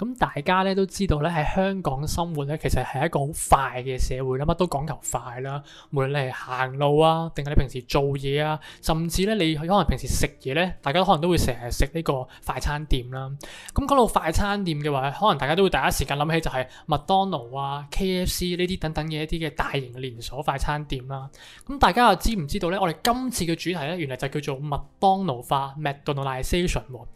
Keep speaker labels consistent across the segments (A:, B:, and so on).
A: 咁大家咧都知道咧喺香港生活咧，其實係一個好快嘅社會啦，乜都講求快啦。無論你係行路啊，定係你平時做嘢啊，甚至咧你可能平時食嘢咧，大家都可能都會成日食呢個快餐店啦。咁講到快餐店嘅話，可能大家都會第一時間諗起就係麥當勞啊、KFC 呢啲等等嘅一啲嘅大型連鎖快餐店啦。咁大家又知唔知道咧？我哋今次嘅主題咧，原來就叫做麥當勞化 （McDonaldization）。咁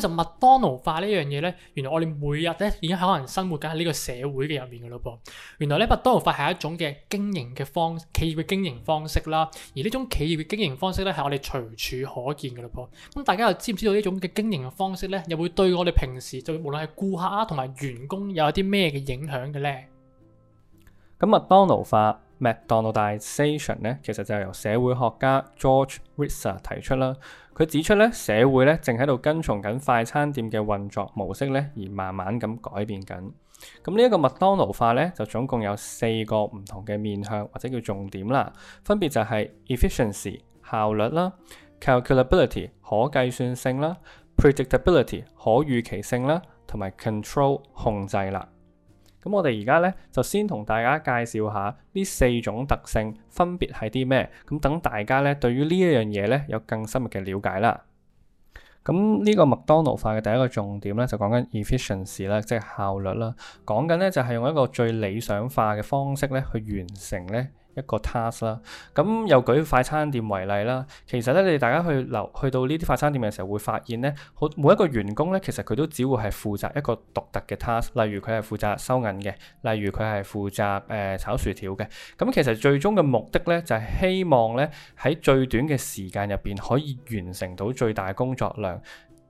A: 其實麥當勞化呢樣嘢咧，原來我哋每每日咧已經可能生活緊喺呢個社會嘅入面噶嘞噃，原來咧麥當勞化係一種嘅經營嘅方企業嘅經營方式啦，而呢種企業嘅經營方式咧係我哋隨處可見噶嘞噃。咁大家又知唔知道呢種嘅經營嘅方式咧，又會對我哋平時就無論係顧客啊同埋員工有啲咩嘅影響嘅咧？
B: 咁麥當勞化。McDonaldization 咧，其實就係由社會學家 George Ritzer 提出啦。佢指出咧，社會咧正喺度跟從緊快餐店嘅運作模式咧，而慢慢咁改變緊。咁呢一個麥當勞化咧，就總共有四個唔同嘅面向或者叫重點啦。分別就係 efficiency 效率啦、calculability 可計算性啦、predictability 可預期性啦，同埋 control 控制啦。咁我哋而家呢，就先同大家介紹下呢四種特性分別係啲咩，咁等大家呢，對於呢一樣嘢呢，有更深入嘅了解啦。咁呢個麥當勞化嘅第一個重點呢，就講緊 efficiency 啦，即係效率啦，講緊呢，就係用一個最理想化嘅方式呢，去完成呢，一個 task 啦，咁又舉快餐店為例啦。其實咧，你哋大家去留去到呢啲快餐店嘅時候，會發現咧，好每一個員工咧、呃，其實佢都只會係負責一個獨特嘅 task，例如佢係負責收銀嘅，例如佢係負責誒炒薯條嘅。咁其實最終嘅目的咧，就係希望咧喺最短嘅時間入邊，可以完成到最大嘅工作量。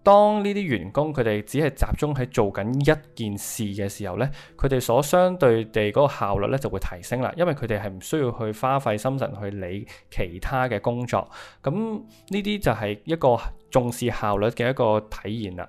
B: 當呢啲員工佢哋只係集中喺做緊一件事嘅時候呢，佢哋所相對地嗰個效率呢就會提升啦，因為佢哋係唔需要去花費心神去理其他嘅工作。咁呢啲就係一個重視效率嘅一個體現
A: 啦。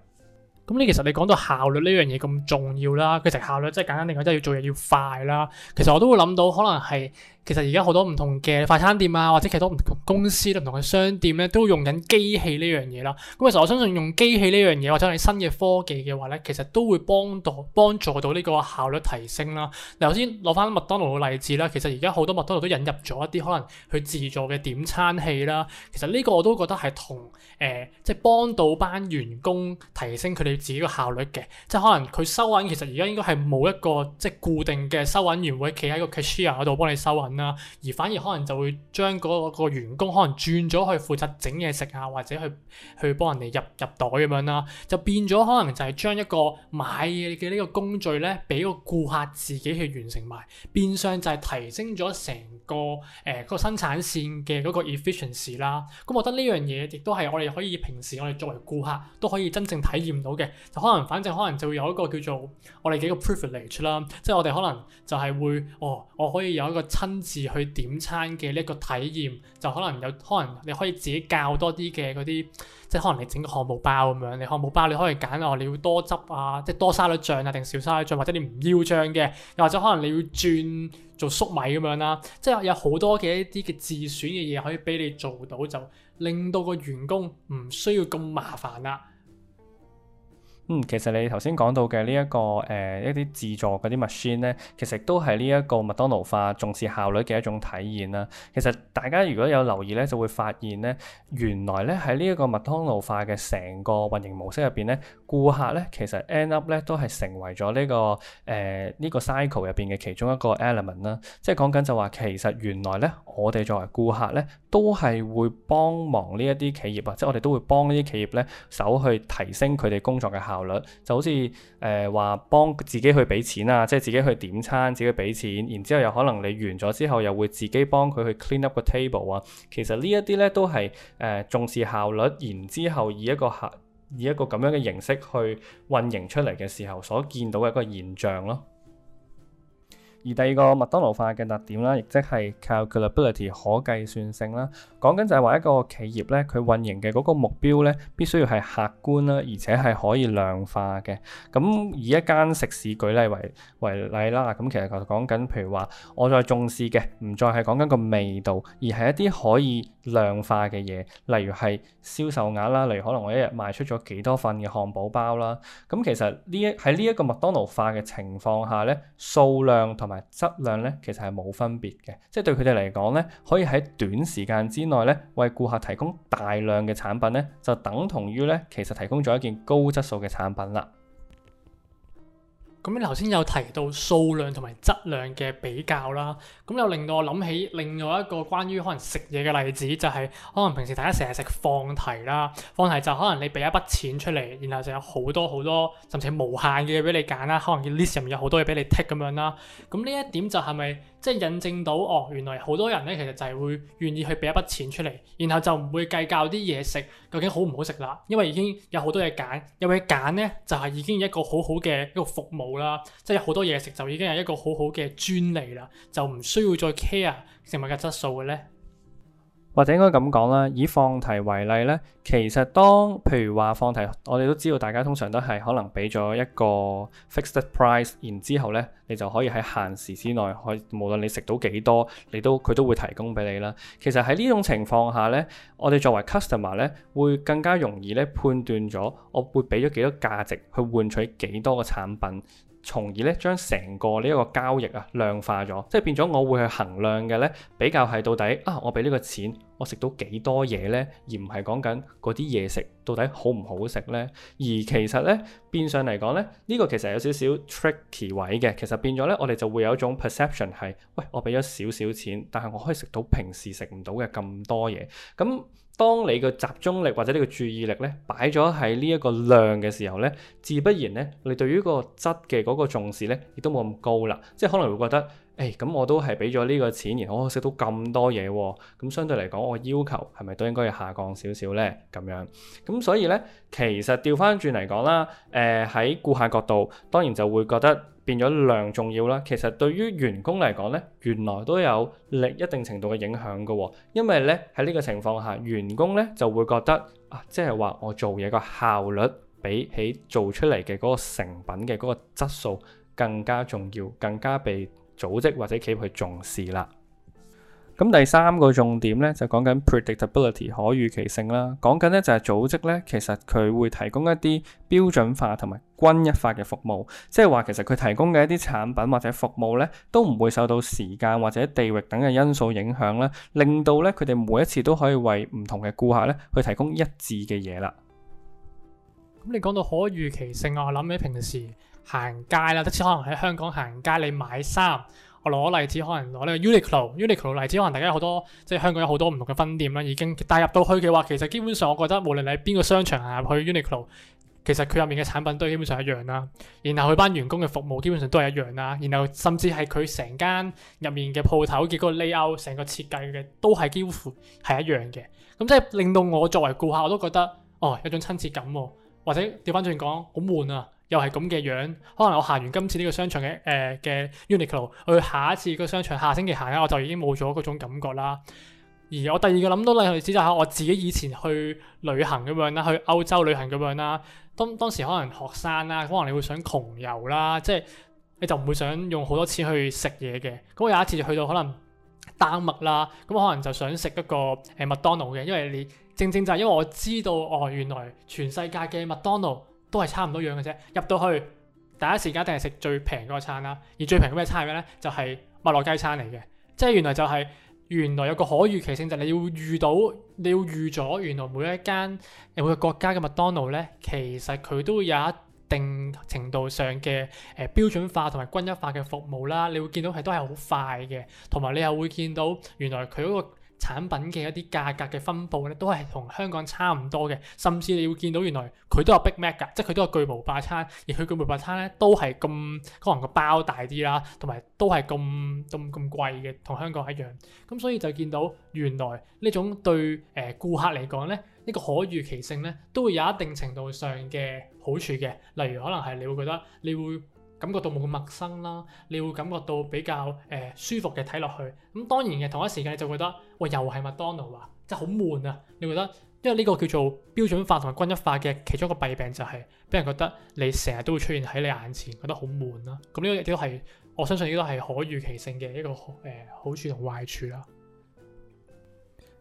A: 咁你其實你講到效率呢樣嘢咁重要啦，佢成效率即係簡單嚟講，即係要做嘢要快啦。其實我都會諗到，可能係。其實而家好多唔同嘅快餐店啊，或者其實都唔同公司、啊、唔同嘅商店咧，都用緊機器呢樣嘢啦。咁其實我相信用機器呢樣嘢或者係新嘅科技嘅話咧，其實都會幫到幫助到呢個效率提升啦。嗱，頭先攞翻麥當勞嘅例子啦，其實而家好多麥當勞都引入咗一啲可能去自助嘅點餐器啦。其實呢個我都覺得係同誒，即、呃、係、就是、幫到班員工提升佢哋自己個效率嘅，即係可能佢收銀其實而家應該係冇一個即係、就是、固定嘅收銀員會企喺個 cashier 嗰度幫你收銀。啦，而反而可能就會將個員工可能轉咗去負責整嘢食啊，或者去去幫人哋入入袋咁樣啦，就變咗可能就係將一個買嘢嘅呢個工序咧，俾個顧客自己去完成埋，變相就係提升咗成個誒個、呃、生產線嘅個 efficiency 啦。咁我覺得呢樣嘢亦都係我哋可以平時我哋作為顧客都可以真正體驗到嘅，就可能反正可能就會有一個叫做我哋幾個 privilege 啦，即係我哋可能就係會哦，我可以有一個親。去點餐嘅呢一個體驗，就可能有可能你可以自己教多啲嘅嗰啲，即係可能你整個漢堡包咁樣，你漢堡包你可以揀哦，你要多汁啊，即係多沙律醬啊，定少沙律醬，或者你唔要醬嘅，又或者可能你要轉做粟米咁樣啦，即係有好多嘅一啲嘅自選嘅嘢可以俾你做到，就令到個員工唔需要咁麻煩啦。
B: 嗯，其實你頭先講到嘅呢、這個呃、一個誒一啲自助嗰啲 machine 咧，其實都係呢一個麥當勞化重視效率嘅一種體驗啦。其實大家如果有留意咧，就會發現咧，原來咧喺呢一個麥當勞化嘅成個運營模式入邊咧，顧客咧其實 end up 咧都係成為咗呢、這個誒呢、呃這個 cycle 入邊嘅其中一個 element 啦。即係講緊就話，其實原來咧我哋作為顧客咧，都係會幫忙呢一啲企業啊，即係我哋都會幫呢啲企業咧手去提升佢哋工作嘅效。效率就好似誒話幫自己去俾錢啊，即係自己去點餐、自己俾錢，然之後又可能你完咗之後又會自己幫佢去 clean up 個 table 啊。其實呢一啲咧都係誒、呃、重視效率，然之後以一個客以一個咁樣嘅形式去運營出嚟嘅時候所見到嘅一個現象咯。而第二個麥當勞化嘅特點啦，亦即係靠 calculability 可計算性啦，講緊就係話一個企業咧，佢運營嘅嗰個目標咧，必須要係客觀啦，而且係可以量化嘅。咁以一間食肆舉例為為例啦，咁其實講緊，譬如話我再重視嘅，唔再係講緊個味道，而係一啲可以量化嘅嘢，例如係銷售額啦，例如可能我一日賣出咗幾多份嘅漢堡包啦。咁其實呢一喺呢一個麥當勞化嘅情況下咧，數量同同埋質量咧，其實係冇分別嘅，即係對佢哋嚟講咧，可以喺短時間之內咧，為顧客提供大量嘅產品咧，就等同於咧，其實提供咗一件高質素嘅產品啦。
A: 咁你頭先有提到數量同埋質量嘅比較啦，咁又令到我諗起另外一個關於可能食嘢嘅例子，就是，就係可能平時大家成日食放題啦，放題就可能你俾一筆錢出嚟，然後就有好多好多甚至無限嘅嘢俾你揀啦，可能嘅 list 入面有好多嘢俾你剔 a 咁樣啦，咁呢一點就係咪？即係印證到，哦，原來好多人咧，其實就係會願意去俾一筆錢出嚟，然後就唔會計較啲嘢食究竟好唔好食啦，因為已經有好多嘢揀，有嘢揀咧就係已經一個好好嘅一個服務啦，即係好多嘢食就已經係一個好好嘅專利啦，就唔需要再 care 食物嘅質素嘅咧。
B: 或者應該咁講啦，以放題為例咧，其實當譬如話放題，我哋都知道大家通常都係可能俾咗一個 fixed price，然之後咧，你就可以喺限時之內，可以無論你食到幾多，你都佢都會提供俾你啦。其實喺呢種情況下咧，我哋作為 customer 咧，會更加容易咧判斷咗我會俾咗幾多價值去換取幾多個產品。從而咧將成個呢一個交易啊量化咗，即係變咗我會去衡量嘅呢比較係到底啊我俾呢個錢我食到幾多嘢呢？而唔係講緊嗰啲嘢食到底好唔好食呢？而其實呢，變相嚟講呢，呢、呢個其實有少少 tricky 位嘅，其實變咗呢，我哋就會有一種 perception 係喂，我俾咗少少錢，但係我可以食到平時食唔到嘅咁多嘢咁。嗯。當你嘅集中力或者你嘅注意力咧擺咗喺呢一個量嘅時候咧，自不然咧，你對於個質嘅嗰個重視咧，亦都冇咁高啦。即係可能會覺得，誒、哎、咁我都係俾咗呢個錢，然後我食到咁多嘢、哦，咁、嗯、相對嚟講，我要求係咪都應該要下降少少咧？咁樣，咁、嗯、所以咧，其實調翻轉嚟講啦，誒喺顧客角度，當然就會覺得。變咗量重要啦，其實對於員工嚟講咧，原來都有力一定程度嘅影響嘅，因為咧喺呢個情況下，員工咧就會覺得啊，即係話我做嘢個效率比起做出嚟嘅嗰個成品嘅嗰個質素更加重要，更加被組織或者企業去重視啦。咁第三個重點咧，就講緊 predictability 可預期性啦。講緊咧就係組織咧，其實佢會提供一啲標準化同埋均一化嘅服務，即係話其實佢提供嘅一啲產品或者服務咧，都唔會受到時間或者地域等嘅因素影響啦，令到咧佢哋每一次都可以為唔同嘅顧客咧去提供一致嘅嘢啦。
A: 咁你講到可預期性啊，我諗起平時行街啦，即係可能喺香港行街，你買衫。我攞例子可能攞呢個 Uniqlo，Uniqlo 例子可能大家，好多即係香港有好多唔同嘅分店啦，已經帶入到去嘅話，其實基本上我覺得無論你喺邊個商場行入去 Uniqlo，其實佢入面嘅產品都係基本上一樣啦。然後佢班員工嘅服務基本上都係一樣啦。然後甚至係佢成間入面嘅鋪頭嘅嗰個 layout，成個設計嘅都係幾乎係一樣嘅。咁即係令到我作為顧客，我都覺得哦，有種親切感、哦，或者調翻轉講好悶啊～又係咁嘅樣，可能我行完今次呢個商場嘅誒嘅、呃、Uniqlo，我去下一次個商場下星期行咧，我就已經冇咗嗰種感覺啦。而我第二個諗到例子就係我自己以前去旅行咁樣啦，去歐洲旅行咁樣啦。當當時可能學生啦，可能你會想窮遊啦，即係你就唔會想用好多錢去食嘢嘅。咁我有一次就去到可能丹麥啦，咁我可能就想食一個誒麥當勞嘅，因為你正正就係因為我知道哦，原來全世界嘅麥當勞。都係差唔多樣嘅啫，入到去第一時間一定係食最平嗰個餐啦。而最平嘅餐係咩呢？就係麥樂雞餐嚟嘅。即係原來就係原來有個可預期性，就係、是、你要預到，你要預咗。原來每一間誒每個國家嘅麥當勞呢，其實佢都會有一定程度上嘅誒、呃、標準化同埋均一化嘅服務啦。你會見到係都係好快嘅，同埋你又會見到原來佢嗰、那個。產品嘅一啲價格嘅分佈咧，都係同香港差唔多嘅，甚至你會見到原來佢都有 Big Mac 㗎，即係佢都有巨無霸餐，而佢嘅巨無霸餐咧都係咁可能個包大啲啦，同埋都係咁咁咁貴嘅，同香港一樣。咁所以就見到原來呢種對誒顧客嚟講咧，呢個可預期性咧都會有一定程度上嘅好處嘅，例如可能係你會覺得你會，感覺到冇咁陌生啦，你會感覺到比較誒、呃、舒服嘅睇落去。咁當然嘅同一時間你就覺得，喂，又係麥當勞啊，真係好悶啊！你覺得，因為呢個叫做標準化同埋均一化嘅其中一個弊病，就係，就係俾人覺得你成日都會出現喺你眼前，覺得好悶啦，啊。咁呢個亦都係我相信呢個係可預期性嘅一個誒好、呃、好處同壞處啦。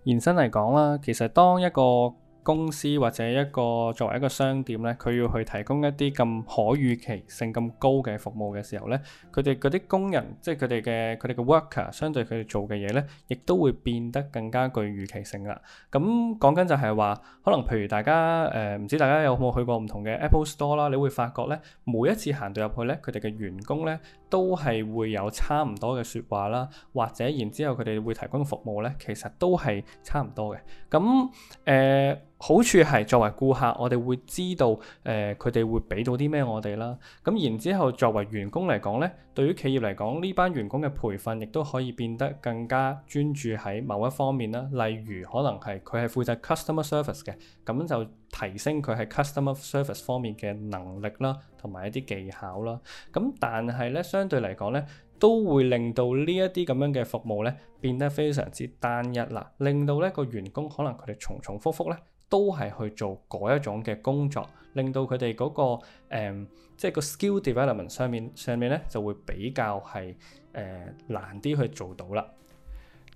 B: 延伸嚟講啦，其實當一個公司或者一個作為一個商店咧，佢要去提供一啲咁可預期性咁高嘅服務嘅時候咧，佢哋嗰啲工人，即係佢哋嘅佢哋嘅 worker，相對佢哋做嘅嘢咧，亦都會變得更加具預期性啦。咁講緊就係話，可能譬如大家誒唔知大家有冇去過唔同嘅 Apple Store 啦，你會發覺咧，每一次行到入去咧，佢哋嘅員工咧，都係會有差唔多嘅説話啦，或者然之後佢哋會提供服務呢，其實都係差唔多嘅。咁誒、呃、好處係作為顧客，我哋會知道誒佢哋會俾到啲咩我哋啦。咁然之後作為員工嚟講呢，對於企業嚟講呢班員工嘅培訓亦都可以變得更加專注喺某一方面啦。例如可能係佢係負責 customer service 嘅，咁就，提升佢喺 customer service 方面嘅能力啦，同埋一啲技巧啦。咁但係咧，相對嚟講咧，都會令到呢一啲咁樣嘅服務咧，變得非常之單一啦，令到咧個員工可能佢哋重重複複咧，都係去做嗰一種嘅工作，令到佢哋嗰個誒，即係個 skill development 上面上面咧，就會比較係誒難啲去做到啦。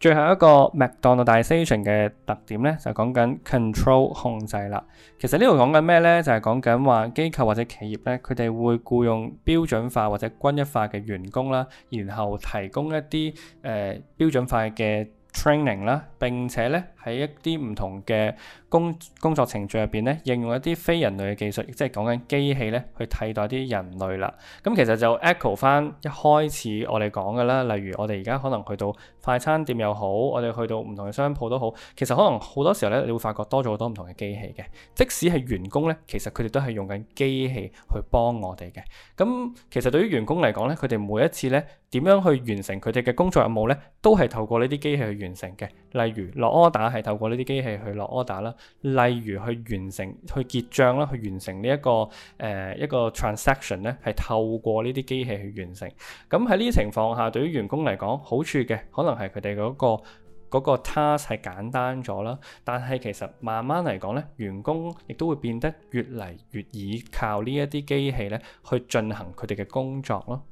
B: 最後一個 McDonaldization 嘅特點呢，就講緊 control 控制啦。其實呢度講緊咩呢？就係講緊話機構或者企業呢，佢哋會僱用標準化或者均一化嘅員工啦，然後提供一啲誒、呃、標準化嘅。training 啦，並且咧喺一啲唔同嘅工工作程序入邊咧，應用一啲非人類嘅技術，即係講緊機器咧去替代啲人類啦。咁其實就 echo 返一開始我哋講嘅啦，例如我哋而家可能去到快餐店又好，我哋去到唔同嘅商鋪都好，其實可能好多時候咧，你會發覺多咗好多唔同嘅機器嘅。即使係員工咧，其實佢哋都係用緊機器去幫我哋嘅。咁其實對於員工嚟講咧，佢哋每一次咧點樣去完成佢哋嘅工作任務咧，都係透過呢啲機器去完成嘅，例如落 order 係透過呢啲機器去落 order 啦，例如去完成去結賬啦，去完成呢、這個呃、一個誒一個 transaction 咧，係透過呢啲機器去完成。咁喺呢啲情況下，對於員工嚟講，好處嘅可能係佢哋嗰個、嗰個 task 係簡單咗啦。但係其實慢慢嚟講咧，員工亦都會變得越嚟越依靠機呢一啲機器咧去進行佢哋嘅工作咯。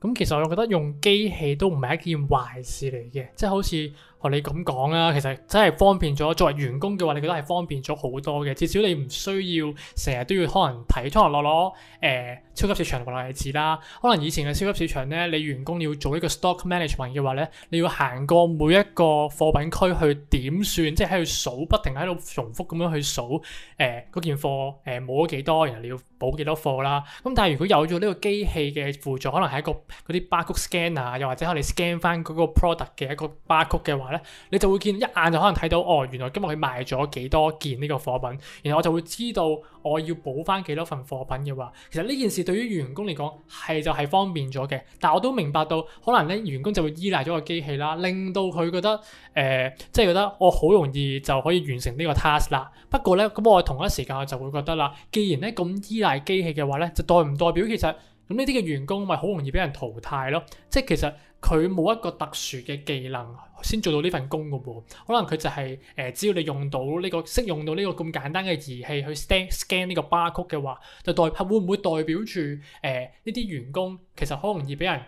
A: 咁其實我覺得用機器都唔係一件壞事嚟嘅，即係好似學你咁講啦，其實真係方便咗。作為員工嘅話，你覺得係方便咗好多嘅，至少你唔需要成日都要可能睇拖落落，誒、呃、超級市場個例子啦。可能以前嘅超級市場咧，你員工你要做一個 stock management 嘅話咧，你要行過每一個貨品區去點算，即係喺度數，不停喺度重複咁樣去數，誒、呃、嗰件貨誒冇咗幾多，然後你要補幾多貨啦。咁但係如果有咗呢個機器嘅輔助，可能係一個嗰啲 barcode scanner 啊，又或者我你 scan 翻嗰個 product 嘅一個 barcode 嘅話咧，你就會見一眼就可能睇到哦，原來今日佢賣咗幾多件呢個貨品，然後我就會知道。我要補翻幾多份貨品嘅話，其實呢件事對於員工嚟講係就係方便咗嘅。但我都明白到，可能咧員工就會依賴咗個機器啦，令到佢覺得誒，即係覺得我好容易就可以完成呢個 task 啦。不過咧，咁我同一時間我就會覺得啦，既然咧咁依賴機器嘅話咧，就代唔代表其實咁呢啲嘅員工咪好容易俾人淘汰咯？即係其實。佢冇一個特殊嘅技能先做到呢份工㗎喎，可能佢就係、是、誒、呃，只要你用到呢、這個，識用到呢個咁簡單嘅儀器去 scan scan 呢個 bar code 嘅話，就代會唔會代表住誒呢啲員工其實好容易俾人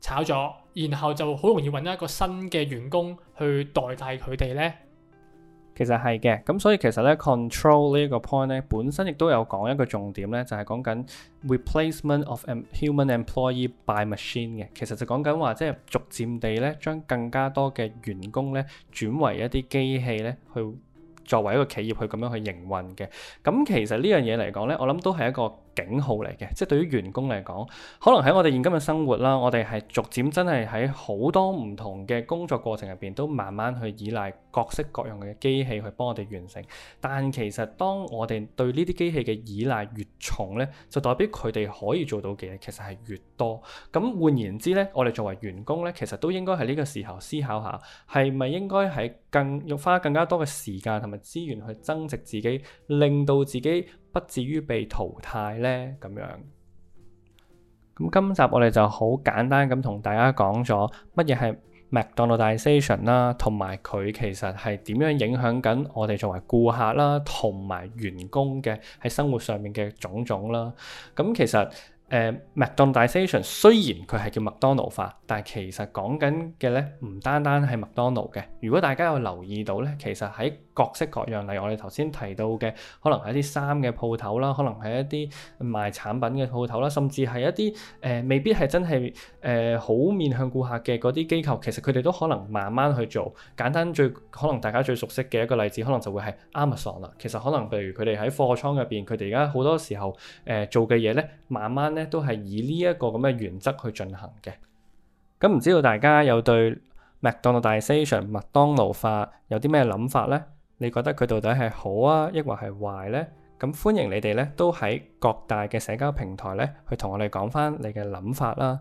A: 炒咗，然後就好容易揾一個新嘅員工去代替佢哋呢？
B: 其實係嘅，咁所以其實咧，control 呢一個 point 咧，本身亦都有講一個重點咧，就係講緊 replacement of human employee by machine 嘅。其實就講緊話，即係逐漸地咧，將更加多嘅員工咧，轉為一啲機器咧，去作為一個企業去咁樣去營運嘅。咁其實呢樣嘢嚟講咧，我諗都係一個警號嚟嘅，即係對於員工嚟講，可能喺我哋現今嘅生活啦，我哋係逐漸真係喺好多唔同嘅工作過程入邊，都慢慢去依賴各式各樣嘅機器去幫我哋完成。但其實當我哋對呢啲機器嘅依賴越重呢，就代表佢哋可以做到嘅嘢其實係越多。咁換言之呢，我哋作為員工呢，其實都應該喺呢個時候思考下，係咪應該喺更要花更加多嘅時間同埋資源去增值自己，令到自己。不至於被淘汰咧咁樣。咁今集我哋就好簡單咁同大家講咗乜嘢係 McDonaldization 啦，同埋佢其實係點樣影響緊我哋作為顧客啦，同埋員工嘅喺生活上面嘅種種啦。咁、嗯、其實誒 McDonaldization 雖然佢係叫麥當勞化，但係其實講緊嘅咧唔單單係麥當勞嘅。如果大家有留意到咧，其實喺各式各樣，例如我哋頭先提到嘅，可能係一啲衫嘅鋪頭啦，可能係一啲賣產品嘅鋪頭啦，甚至係一啲誒、呃、未必係真係誒好面向顧客嘅嗰啲機構，其實佢哋都可能慢慢去做。簡單最可能大家最熟悉嘅一個例子，可能就會係 Amazon 啦。其實可能譬如佢哋喺貨倉入邊，佢哋而家好多時候誒、呃、做嘅嘢咧，慢慢咧都係以呢一個咁嘅原則去進行嘅。咁唔知道大家有對 McDonaldization 麥當勞化有啲咩諗法咧？你覺得佢到底係好啊，抑或係壞呢？咁歡迎你哋呢都喺各大嘅社交平台呢去同我哋講返你嘅諗法啦。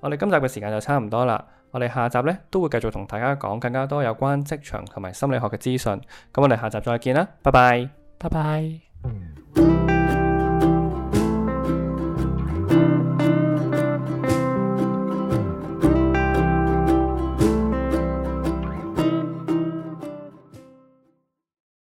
B: 我哋今集嘅時間就差唔多啦，我哋下集呢都會繼續同大家講更加多有關職場同埋心理學嘅資訊。咁我哋下集再見啦，拜拜，
A: 拜拜。